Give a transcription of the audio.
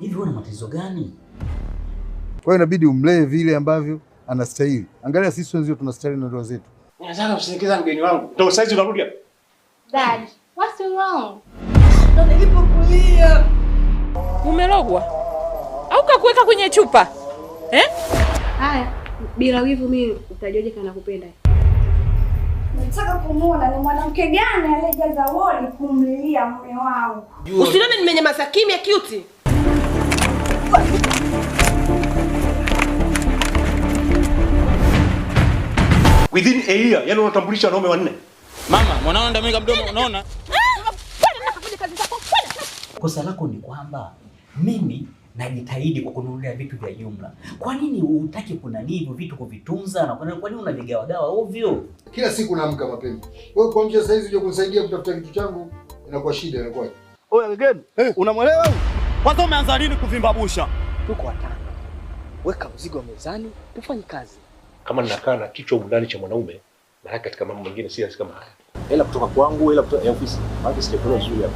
hivi wewe una matatizo gani? Kwa hiyo inabidi umlee vile ambavyo anastahili. Angalia sisi wenzio tunastahili na ndoa zetu. Unataka kusindikiza mgeni wangu. Ndio saizi unarudi hapa. Dad, what's wrong? Ndio nilipo kulia. Umelogwa? Au kakuweka kwenye chupa? Eh? Haya, bila wivu mimi utajoje kana kupenda. Nataka kumuona ni mwanamke gani aliyejaza wodi kumlilia mume wangu. Usione nimenyamaza kimya cute. Within a year, yani unatambulisha wanaume wanne. Mama, mwanao ndio mweka mdomo unaona? Kosa lako ni kwamba mimi najitahidi kukununulia vitu vya jumla. Kwa nini hutaki kunani hivyo vitu kuvitunza na kwa nini gawa ovyo? Kila siku naamka mapema. Wewe kuamsha saa hizi uje kunisaidia kutafuta kitu changu inakuwa shida inakuwa. Oya again, hey. Eh. unamwelewa? wewe? Kwanza umeanza lini kuvimba busha? Tuko watano, weka mzigo mezani tufanye kazi. Kama ninakaa na kichwa ndani cha mwanaume na katika mambo mengine si kama haya, hela kutoka kwangu, hela kutoka ofisi, maana sijakula uzuri hapa.